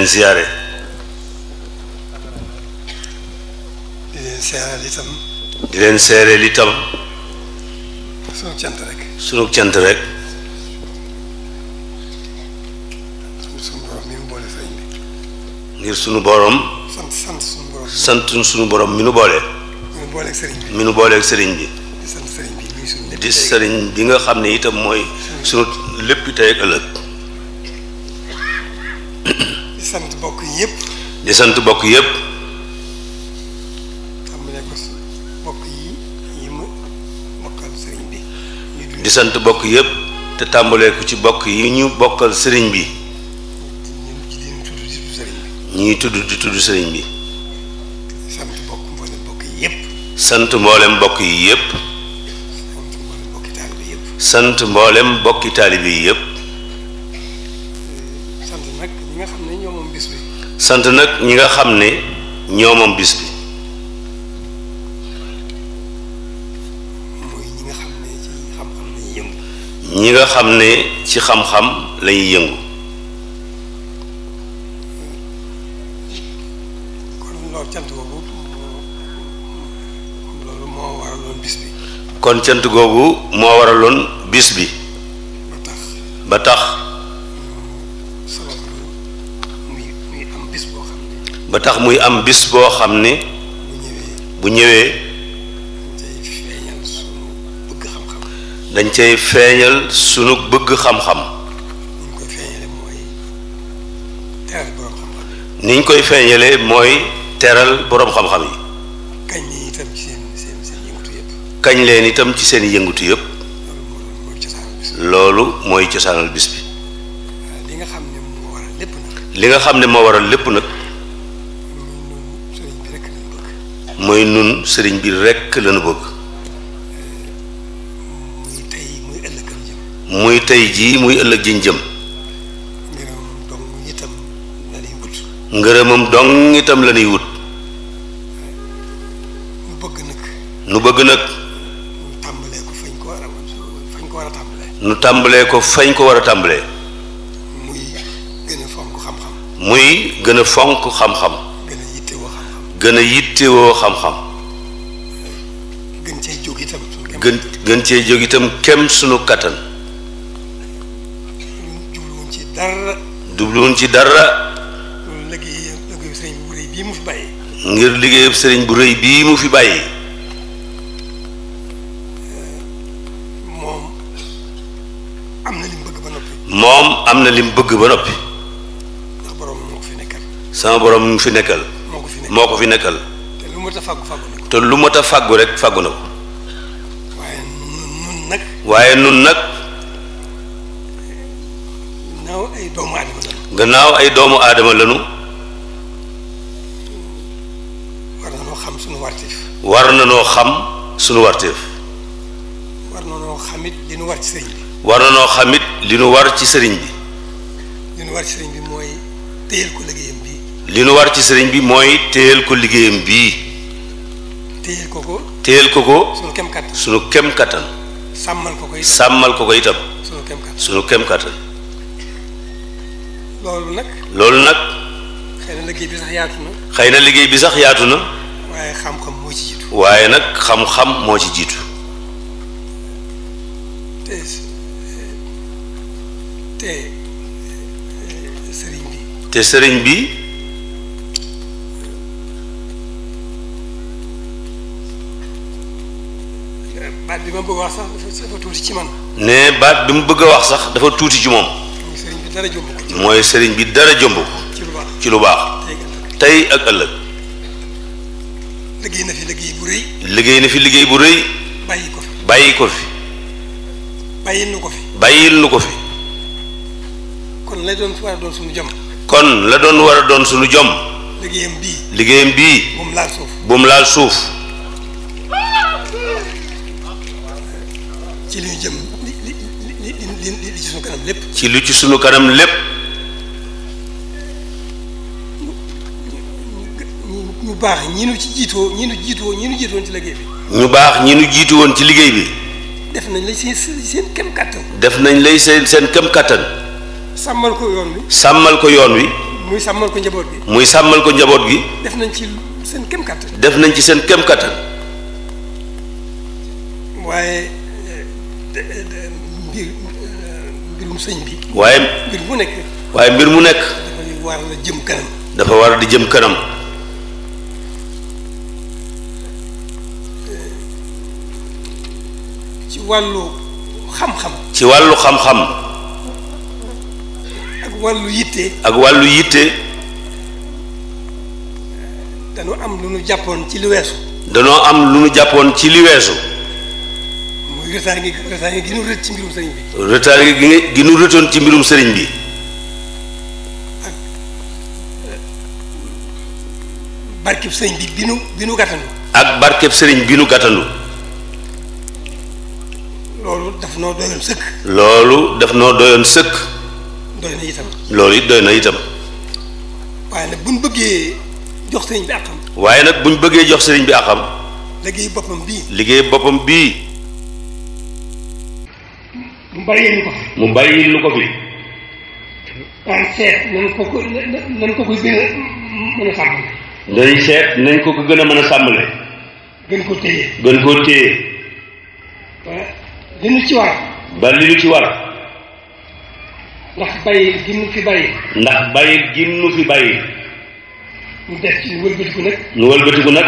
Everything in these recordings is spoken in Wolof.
leen ziyaare di leen seereel itam di leen seereel itam sunu cant rek sunu cant rek ngir sunu borom sant sant sunu borom sant nu boole mi nu booleeg sëriñ bi di sëriñ bi nga xam ne itam mooy sunu lépp tey ëllëg di sant bokk yëpp. di sant bokk yëpp. tàmbalee ko si bokk yi bi. di sant bokk yëpp te tàmbalee ko ci bokk yi ñu bokkal sëriñ bi. ñuy tudd di tudd sëriñ bi. sant bokk mboolem bokk yi yëpp. sant mboolem bokk yëpp. sant mboolem bokki taalibe yi yëpp. sant nag ñi nga xam ne ñoo bis bi ñi nga xam ne ci xam-xam lañuy yëngu kon cant googu moo waraloon bis bi ba tax ba tax muy am bis boo xam ni bu ñëwee dañ cay feeñal sunu bëgg xam-xam niñ koy feeñalee mooy teral boroom xam-xam yi kañ leen itam ci seen yëngutu yëpp loolu mooy cosaanal bis bi li nga xam ne moo waral lépp nag mooy nun sëriñ bi rekk lañu bëgg muy tey jii muy ëllëg jiñ jëm ngërëmam dong itam lañuy wut nu bëgg nag nu tàmbalee ko fañ ko war a tàmbalee muy gën a fonk xam-xam gën a yittewoo xam-xam. gën cee jóg itam. gën gën jóg itam kem sunu kattan. jubluwuñ ci dara. jubluwuñ ci dara. ngir liggéeyub sëriñ bu rëy bii mu fi bàyyi. moom am na lim bëgg ba noppi. bëgg ba noppi. sama borom mu fi mu fi nekkal. moo ko fi nekkal. te lu mat a fàggu fàggu na ko. waaye nun nag. waaye nun nag. gannaaw ay doomu aadama lanu. gannaaw ay war na noo xam sunu warteef. war na noo xam sunu warteef. war na noo xamit li nu war ci sëriñ bi. war na noo xamit li nu war ci sëriñ bi. mooy téyel ko liggéey. li nu war ci sëriñ bi mooy téyel ko liggéeyam bii. téyel ko ko. téyel ko ko. sunu kem kattan sàmmal ko ko itam sàmmal ko ko itam. sunu kem kattan loolu nag. loolu nag. xëy na liggéey bi sax yaatu na. xëy na liggéey bi sax yaatu na. waaye xam-xam moo ci jiitu. nag xam moo ci jiitu. te sëriñ bi. baat bi ma bëgg a wax sax ci man. ne baat bi mu bëgg a wax sax dafa tuuti ci moom. mooy sëriñ bi dara jomb ko. ci lu baax tey ak ëllëg. liggéey na fi liggéey bu rëy. liggéey na fi liggéey bu rëy. bàyyi ko fi bàyyi fi. bàyyil nu ko fi. bàyyil ko fi. kon la doon war a doon suñu jom. kon la doon war a doon suñu jom. liggéeyam bii. liggéeyam bii. bu mu laal suuf laal suuf. ci li ñu jëm li li li li li ci sunu kanam lépp. ci li ci sunu kanam lépp. ñu baax ñi nu ci jiitoo ñi nu jiitoo ñi nu jiitoon ci liggéey bi. ñu baax ñi nu jiitu woon ci liggéey bi. def nañ lay seen seen kem kattan. def nañ lay seen seen kem kattan. sàmmal ko yoon wi. sàmmal ko yoon wi. muy sàmmal ko njaboot gi. muy sàmmal ko njaboot gi. def nañ ci seen kem kattan. def nañ ci seen kem kattan. waaye. mbir mbirum sëñ bi. waaye. mbir mu nekk. waaye mbir mu nekk. dafay war dafa war di jëm kanam. ci wàllu xam-xam. ci wàllu xam-xam. ak wàllu yitte. ak wàllu yitte. danoo am lu nu jàppoon ci li weesu. danoo am lu nu jàppoon ci li weesu. rëtaange rëtaange gi nu rët ci mbirum sëriñ bi. rëtaange gi nga gi nu rëtoon ci mbirum sëriñ bi. barkeb sëriñ bi bi ak barkeb sëriñ bi nu gàttandu. loolu daf noo doyoon sëkk. loolu daf noo doyoon sëkk. doy loolu it doy na itam. waaye nag bu ñu bëggee jox sëriñ bi àqam. waaye nag bu ñu bëggee jox sëriñ bi àqam. liggéey liggéey boppam bii. mu bàyyil ñu ko fi. mu bàyyil ñu ko fi. nañ ko ko nañ ko seet nañ ko ko gën a mën a sàmmale. gën koo téye. gën koo téye. ba li ci war. ba li ci war. ndax bàyyi gi nu fi bàyyi. ndax bàyyi gi nu fi bàyyi. ñu def ci ñu wëlbatiku nag. ñu wëlbatiku nag.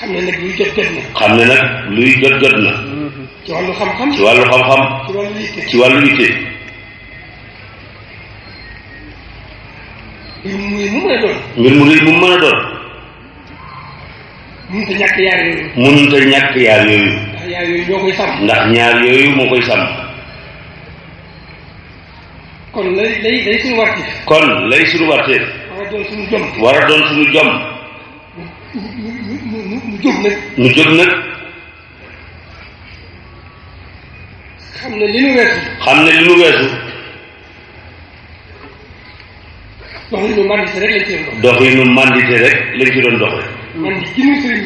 xam ne nag luy jot jot na. xam ne nag luy jot jot na. ci wàllu xam-xam ci wàllu xam-xam ci wàllu yitte mbir mu rëy mu mën a doon mbir mu rëy mu mën a doon mënut a ñàkk yaar yooyu ndax yaar yooyu ñoo koy sàmm ndax ñaar yooyu moo koy sàmm kon lay lay lay suñu wàrteef kon lay suñu wàrteef war a doon suñu jom war a doon suñu jom mu jóg nag mu jóg xam ne li nu weesu. xam ne li nu weesu. doxinu mandité rek lañ ci doon dox. doxinu mandité rek lañ ci doon dox.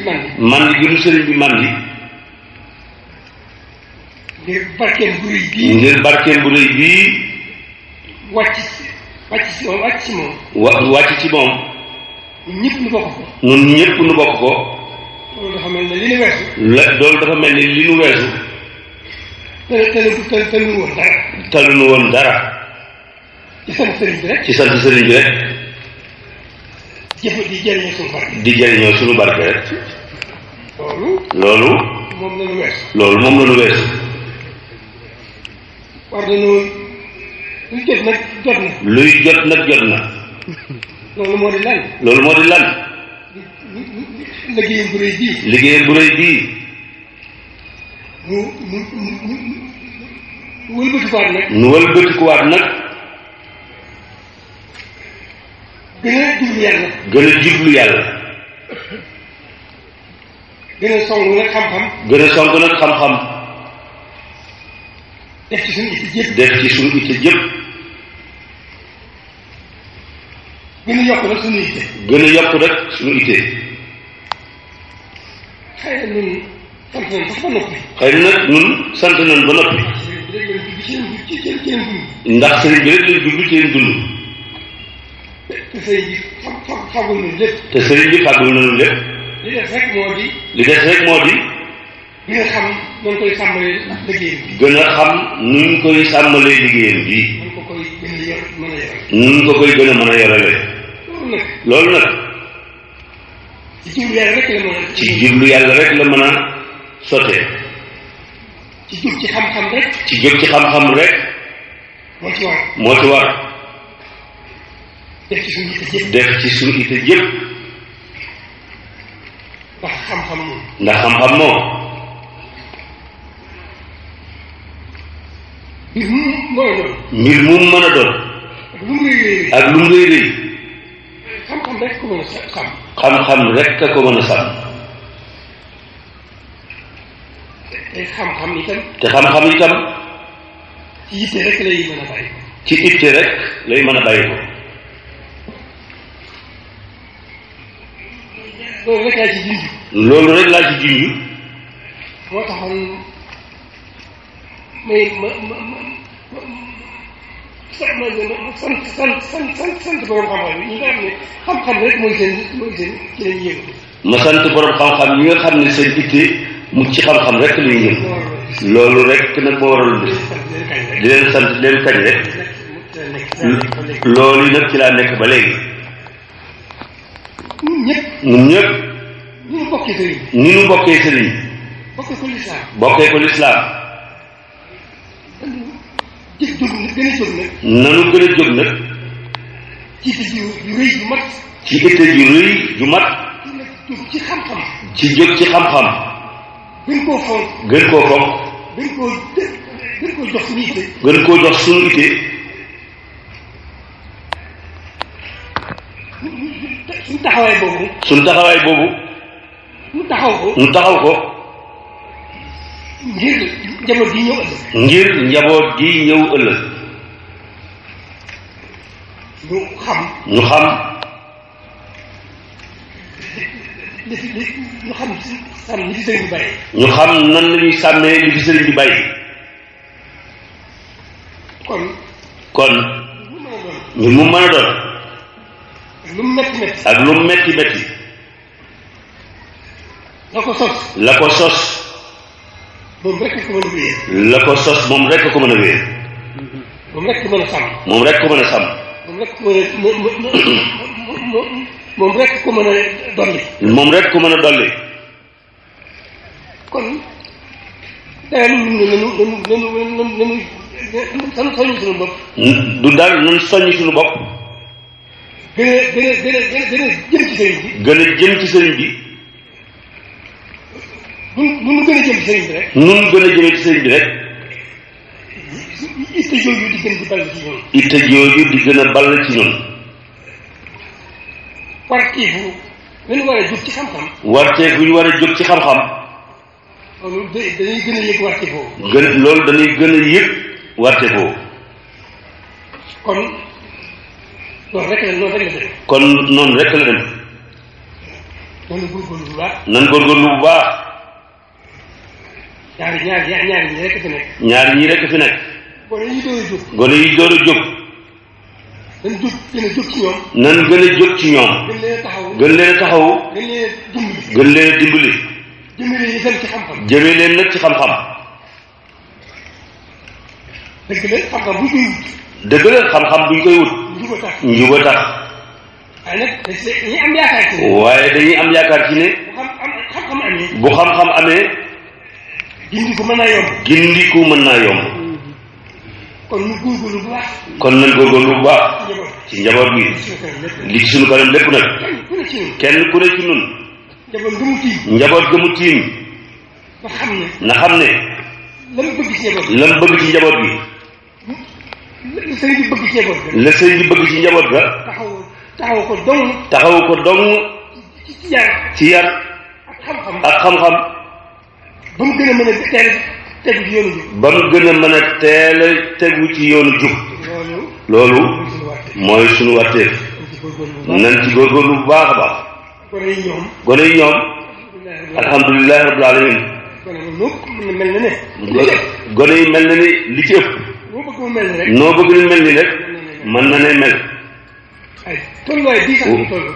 mandi gi nu bi mandi. ngir barkeel bu bii. wàcc si moom wàcc wàcc ci moom. ñun nu bokk ko. ñun ñëpp nu mel ne li nu weesu. la loolu dafa mel ne li nu weesu. te te lu woon dara. te lu woon dara. ci sant sëriñ bi rek. ci sant sëriñ bi rek. jëf di jëriñoo suñu barke. di jëriñoo suñu barke rek. loolu. loolu. moom la ñu wees. loolu moom la ñu wees. war nañoo luy jot nag jot na. luy jot nag jot na. loolu moo di lan. loolu moo di lan. liggéeyam bu rëy bii. liggéeyam bu rëy bii. mu mu mu mu wëlbatikuwaat nag. mu wëlbatikuwaat nag. gën a jublu yàlla. gën a jublu yàlla. gën a song nag xam gën a song nag xam-xam. def ci suñu itte jëpp. def ci suñu itte jëpp. gën a yokk nag suñu itte. gën a yokk nag suñu itte. xëy xëy na nag ñun sant nañ ba noppi ndax sëriñ bi rek lañ dund seen dund te sëriñ te sëriñ bi fàggul nañu lépp li des rek moo di gën a xam nuñ koy sàmmalee liggéeyam bi gën a xam nuñ koy sàmmalee liggéeyam bi nuñ ko koy gën a mën a yorale loolu nag ci jublu yàlla rek la mën a ci sotee ci jóg ci xam-xam rek ci jóg moo ci war moo ci war def ci suñu ite jëpp def ndax xam-xam moom ndax xam-xam moom mbir mën a doon mbir mu lu mu réy réy ak lu mu réy xam-xam rek ko mën a xam te xam-xam itam. te xam-xam itam. ci itte rek lay mën a bàyyi ko. ci rek lay mën loolu rek laa ci moo taxoon may ma ma ma sant sant sant sant sant borom xam-xam yi ñi xam ne xam ma xam-xam ñi nga xam ne seen itte. mu ci xam-xam rek luy yëg loolu rek nag moo waral bis di leen sant leen kañ rek loolu nag ci laa nekk ba léegi. ñun ñëpp ni ñu bokkee sëriñ. bokkee ko lislaam. bokkee ko lislaam. jóg nag ci itte ju rëy ju mat. ci jóg ci xam-xam. gën koo fonk gën koo fonk gën koo gën koo jox suñu ittee gën koo jox suñu ittee suñu taxawaay boobu suñu taxawaay boobu ñu taxaw ko ñu taxaw ko ngir njaboot gi ñëw ëllëg ngir njaboot gi ñëw ëllëg ñu xam ñu xam ñu xam la ñuy sàmmee mën a doon. lu la ko sos. la ko sos. mën a wéer. la ko sos moom rek ko mën a wéer. moom rek mën a rek moom rek ko moom rek ko mën a dolli. moom rek ko mën a dolli. kon daal ñun ñu nañu nañu nañu nañu bopp. du dal nañu soññ suñu bopp. gën a gën a gën a gën a jëm ci sëriñ bi. gën a jëm ci sëriñ bi. nun nun gën a jëm ci sëriñ bi rek. itte jooju di gën di jooju di gën a ci ñun. partie bu ñu war a jóg ci xam-xam. warte bu ñu war a jóg ci xam-xam. a yëg kon noonu rek la dem. nan góorgóorlu bu bu baax. ñaari ñaari ñaari ñii fi nekk. ñaari ñii rek fi nekk. gone yi jóg. yi door a jóg. nan jóg jóg ci ñoom. gën a jóg ci ñoom. gën leen a taxawu. gën leen a taxawu. gën leen a dimbali. gën leen jëmee leen nag ci xam-xam. dëgg la xam-xam bu ñu tax waaye dañuy am yaakaar ci ne. waaye dañuy am yaakaar bu xam-xam amee. gindiku mën naa yomb. naa yomb. kon nu góorgóorlu bu baax. kon nañ góorgóorlu bu baax. ci njaboot bi li ci suñu lépp nag. kenn ku ci nun njaboot gëmu tiim. njaboot na xam ne. la mu bëgg ci njaboot bi. la mu bëgg ci njaboot bi. la sëriñ bëgg ci njaboot ga. taxaw ko dong. ci yar. ci ak xam-xam tegu ba mu gën a mën a teel tegu ci yoonu jub loolu mooy suñu wàtteef nañ ci góorgóorlu bu baax a baax gone yi ñoom alhamdulilahi rabbil alamin gone mel na ni li ci ëpp noo bëgg ni mel ni rek mën na ne mel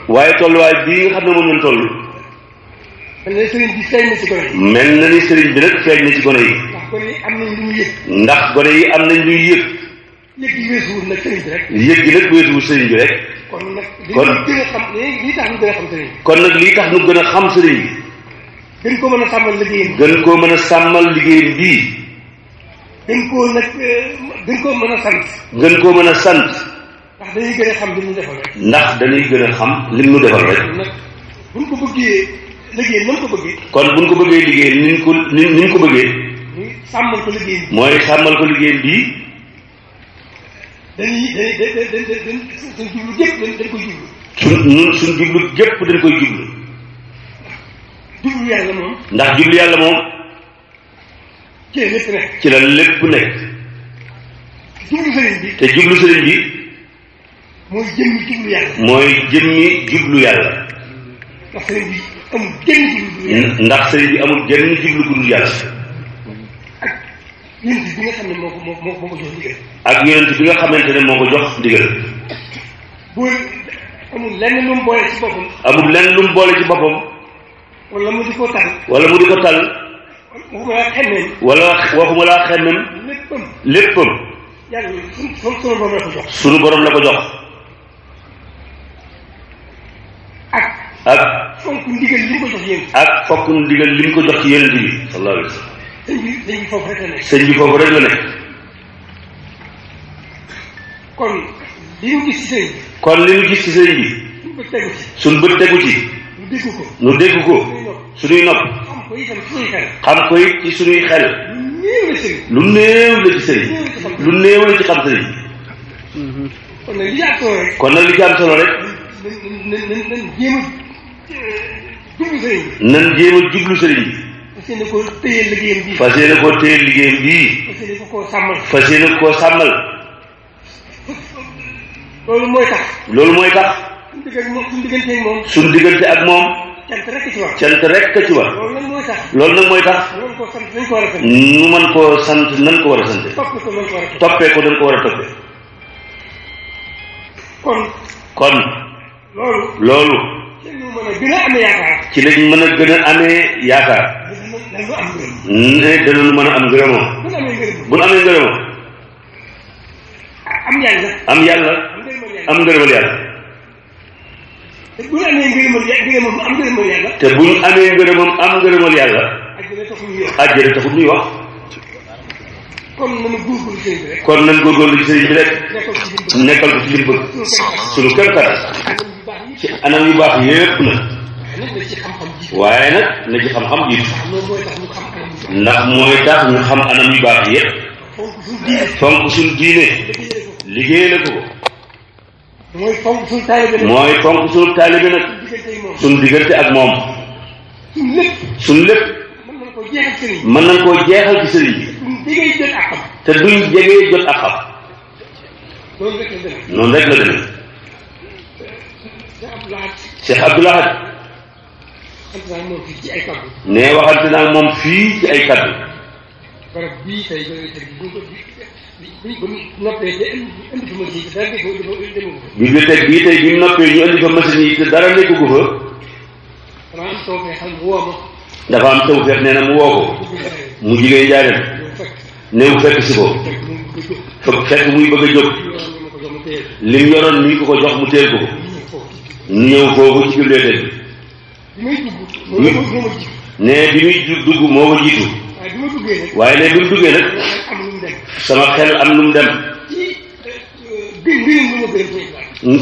waaye tolluwaay bii nga xam ne moom lañ toll mel na ni sëriñ bi feeñ na ci gone yi. mel na ni sëriñ bi nag feeñ na ci gone yi. ndax gone yi am nañ lu ñu yëg. ndax gone yi am nañ lu ñu yëg. yëg gi weesuwul nag sëriñ bi rek. yëg gi nag weesuwul sëriñ bi rek. kon nag lii tax ñu gën a xam sëriñ bi. kon nag lii tax ñu gën a xam sëriñ bi. gën koo mën a sàmmal liggéeyam. gën koo mën a sàmmal liggéeyam bii. gën koo nag eh, gën koo mën a sant. gën koo mën a sant. ndax dañuy gën a xam li mu defal rek. ndax dañuy gën a xam li mu defal rek. buñ ko bëggee liggéey nañ ko bëggee. kon buñ ko bëggee liggéey niñ ko niñ ko bëggee. muy ko liggéey bi. mooy sàmmal ko liggéey bi. dañuy dañuy dañ dañ dañ dañ jublu gépp dañ koy jublu. suñ yàlla moom. ndax jublu yàlla moom. ci la lépp nekk. ci la lépp te jublu sëriñ bi. mooy jëmmi yàlla. amul jëriñ jublu ndax sëriñ bi amul jëriñ jublu ku dul yàlla. ak yonent bi nga xam ne moo ko moo ko jox ndigal. ak yonent bi nga xamante ne moo ko jox ndigal. amul lenn lu mu boole ci boppam. amul wala mu di ko tal. wala mu di ko tal. waxuma waxuma laa xemmem. léppam sunu borom la ko jox. ak fonk ndigal li ko jox yéen. ak fonk ndigal li mu ko jox ci yéen bi. sallallahu alayhi wa sallam. sëñ bi sëñ bi foofu rek la nekk. sëñ bi foofu rek la nekk. kon li ñu gis ci sëñ bi. ko ñu dégg ko. suñuy nopp. xam ko it xel. lu néew la ci lu néew la ci xam sëñ kon nag li am solo rek. nan jéem a jublu sëriñ bi. fas yéene koo téye liggéeyam bii. fas yéene koo téye liggéeyam bii. fas yéene koo sàmmal. fas yéene loolu mooy tax. loolu mooy tax. diggante ak moom. cant rek ci rek ci wax. loolu nag mooy tax. loolu nag nu man koo sant nan ko war a sant. toppee ko dañ ko war a toppee. kon. loolu. mën a amee yaakaar. ci lañ mën a gën a amee yaakaar. danañ mën a am ngërëmoo. buñ amee ngërëmoo. am yàlla. am yàlla am ngërëmal yàlla. te buñ amee ngërëmal am ngërëmal yàlla. te buñ amee ngërëmam am ngërëmal yàlla. àjjana taxul ñuy wax. kon nañu góorgóorlu sëriñ bi rek. kon nañu góorgóorlu sëriñ bi rek. nekkal ko ci li mu bëgg. suñu kër yu baax yépp la. waaye na na ci xam-xam jiitu. ndax mooy tax ñu xam anam yu baax yépp. fonk suñu diine. liggéey la ko. mooy fonk suñu taalibe nag. mooy fonk suñu taalibe ak moom. suñu lépp. suñu lépp. mën nañ koo jeexal bi. te duñ jege jot ak xam noonu rek la demee Cheikh Abdoul Ahad ne waxante naa moom fii ci ay kaddu bibliothèque bii tey bi mu noppee ñu indi fa machine yi te dara nekk gu fa dafa am tawfeex nee na mu woo ko mu jigéen jaarem néew fekk si ko fekk muy bëgg a jóg lim yoroon mi ko ko jox mu teel ko ko ñëw foofu ci bibliothèque bi ne bi muy dugg moo ko waaye ne bi mu duggee nag sama xel am lu dem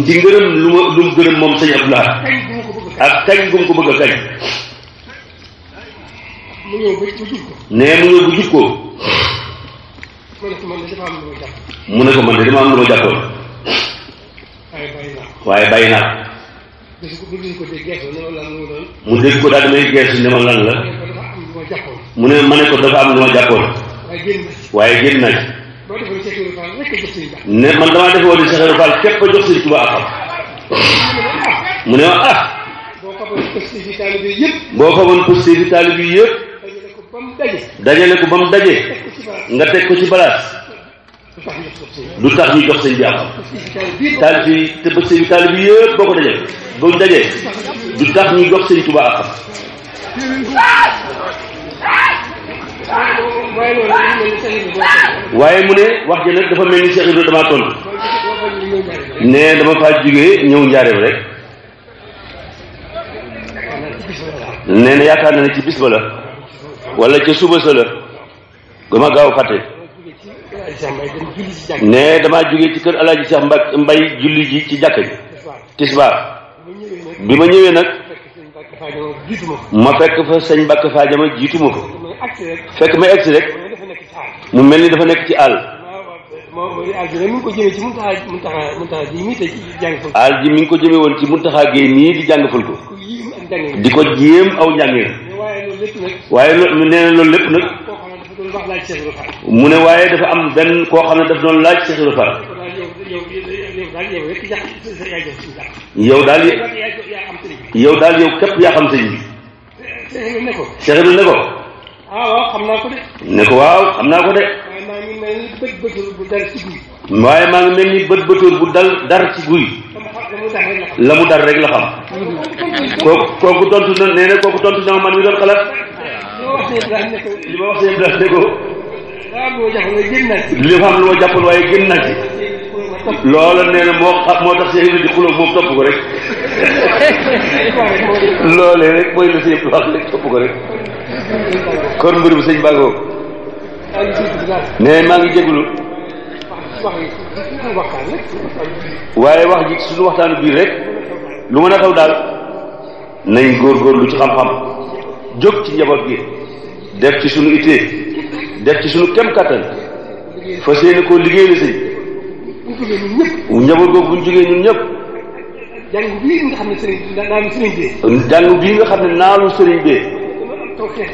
ci ngërëm lu ma gërëm moom sëñ Abdoulaye ak kañ gu ko bëgg a kañ ne mu ñëw bu jub ko mu ne ko man de dama am lu ma jàppoon. waaye bàyyi naa mu dégg ko daal damay geesu ne ma lan la mu ne ma ne ko dafa am lu ma jàppoon waaye génn naa ci ne man damaa defoo di Cheikh Fall képp a jox Sëriñ Tuubaa ak xam mu ne ma ah, ah. boo ko bon posté bi taalibe yëpp dajale ko ba mu daje nga teg ko ci balaas lu tax ñu jox sëñ bi am taalif yi te ba sëñ taalif yëpp boo ko dajee boo ñu dajee lu tax ñu jox sëñ Tuubaa ak waaye mu ne wax ji nag dafa mel ni Cheikh dama tontu ne dama faa jógee ñëw njaareem rek nee na yaakaar na ne ci bis wala ca suba sala gama gaaw fàtte ne damaa jógee ci kër alaaji Seex Mba Mbay julli ji ci jàkk ji tisbaar bi ma ñëwee nag ma fekk fa sëñ Mbàkke Faajama jiituma ko fekk may egsi rek mu mel ni dafa nekk ci àll àll ji mi ngi ko jëme woon ci Muntaxa Géey nii di jàngful ko di ko jéem aw njàngeen waaye ñu nee na loolu lépp nag mu ne waaye dafa am benn koo xam ne daf doon laaj Cheikh Ibra Fall yow daal yow daal yow képp yaa xam sëñ bi Cheikh Ibra ne ko ah, waaw xam naa ko de ne ko waaw xam naa waaye maa ngi mel ni bët bu dal ci guy la mu dal rek la xam kooku kooku tontu na nee na kooku tontu na man mi doon xalaat li ma wax seen daal ne ko li ma xam lu ma jàppoon waaye gën naa ci na moo xam moo tax seen topp ko rek loolee rek mooy la seen wax ko rek kon mbir bu sëñ Bago nee maa ngi jégalu waaye wax ji suñu waxtaanu biir rek lu mën a xew daal nañ góorgóorlu ci xam-xam jóg ci njaboot gi def ci suñu ittee def ci suñu kem kattan fa yéene koo liggéey la sëñ njaboot googu bu ñu jógee ñun ñëpp jàng bii nga xam ne sëriñ naalu sëriñ bii nga xam ne naalu sëriñ bee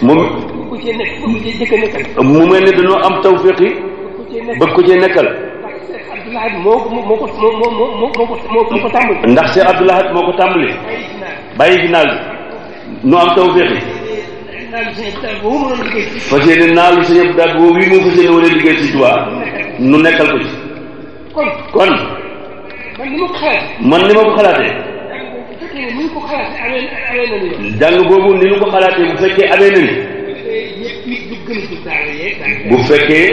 moom mu ne dañoo am tawféex yi bëgg ko cee nekkal Abdoulahat moo ko moo ko moo ko moo ko tàmbali. ndax bàyyi ginnaaw bi nu am taw féexi. fas yéene naalu sa yëpp daal boobu yi moo fas yéene war ci Tuubaa nu nekkal ko ci. kon kon. man ni ma ko xalaatee. man boobu ni ñu ko xalaatee bu fekkee amee na bu fekkee.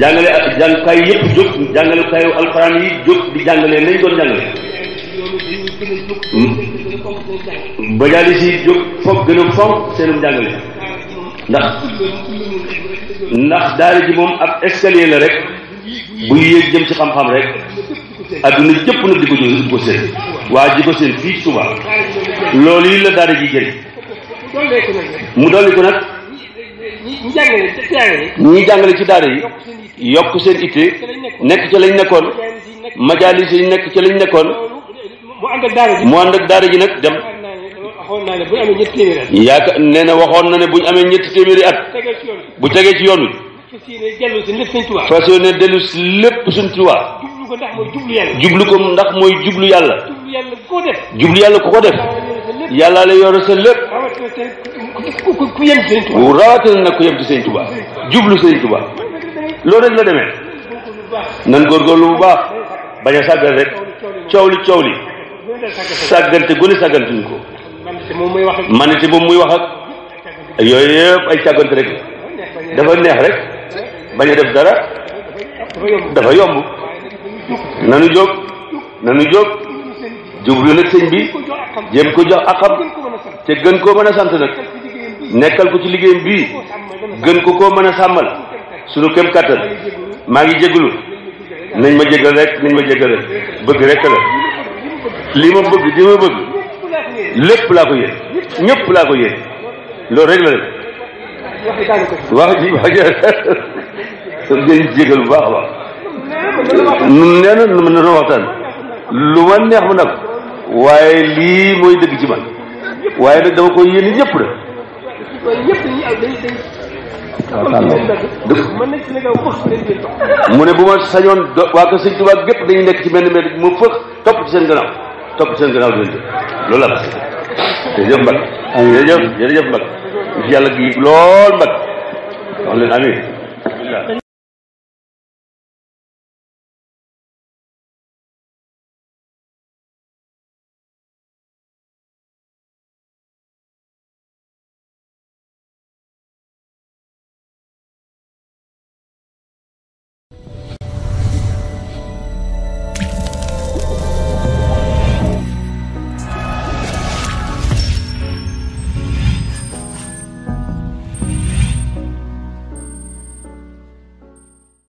jàngale ak jàngukaay yëpp jóg jàngalekaayu alxuraan yi jóg di jàngale nañ doon jàngale ba daal di si foog gën a fonk seenum jàngale ndax ndax daara ji moom ab escalier la rek buy yéeg jëm ci xam-xam rek adduna jëpp nag di ko jóg ko seen waa ko seen fii Tuuba loolu yi la daara ji jëriñ mu dolli ko nag ñi jàngale ci daara yi. jàngale ci daara yi yokk seen itte nekk ca lañ nekkoon majaalis yi nekk ca lañ nekkoon. mu ànd ak daara ji mu ànd ak daara ji nag dem. yaakaar nee na waxoon na ne bu ñu amee ñetti téeméeri at. bu tegee ci yoon wi. fas yéene dellu si lépp suñ tuwaa. jublu ko ndax mooy jublu yàlla. jublu yàlla ku ko def. yàllaa la yore sa lépp. ku yem ci sëñ Tuba rawatina nag ku yem ci sëñ Tuba jublu sëñ Tuba loolu rek la demee nan góorgóorlu bu baax bañ a sàggal rek coow li coow li sàggante gune sàggantuñ ko manite moom muy wax ak yooyu yëpp ay càggante rek la dafa neex rek bañ a def dara dafa yomb nanu jóg nanu jóg jublu nag sëñ bi jéem ko jox akam te gën koo mën a sant nag nekkal ko ci liggéeyam bii gën ko koo mën a sàmmal suñu kem kàttan maa ngi jégalu nañ ma jégal rek nañ ma jégal rek bëgg rek la lii ma bëgg di ma bëgg lépp laa ko yéen ñëpp laa ko yéen loolu rek la wax ji wax ji jégal bu baax a baax nun nee na mën waxtaan lu ma neex mu nag waaye lii mooy dëgg ci man waaye nag dama ko yéene ñëpp la. mu ne bu ma sañoon do waa ko sëñ Tuubaa gépp dañu nekk ci benn mbedd mu fëx topp ci seen gannaaw topp ci seen gannaaw di leen jël loolu la la. jërëjëf Mbacke. amiin jërëjëf jërëjëf Mbacke. yàlla gi lool Mbacke. wax leen amiin.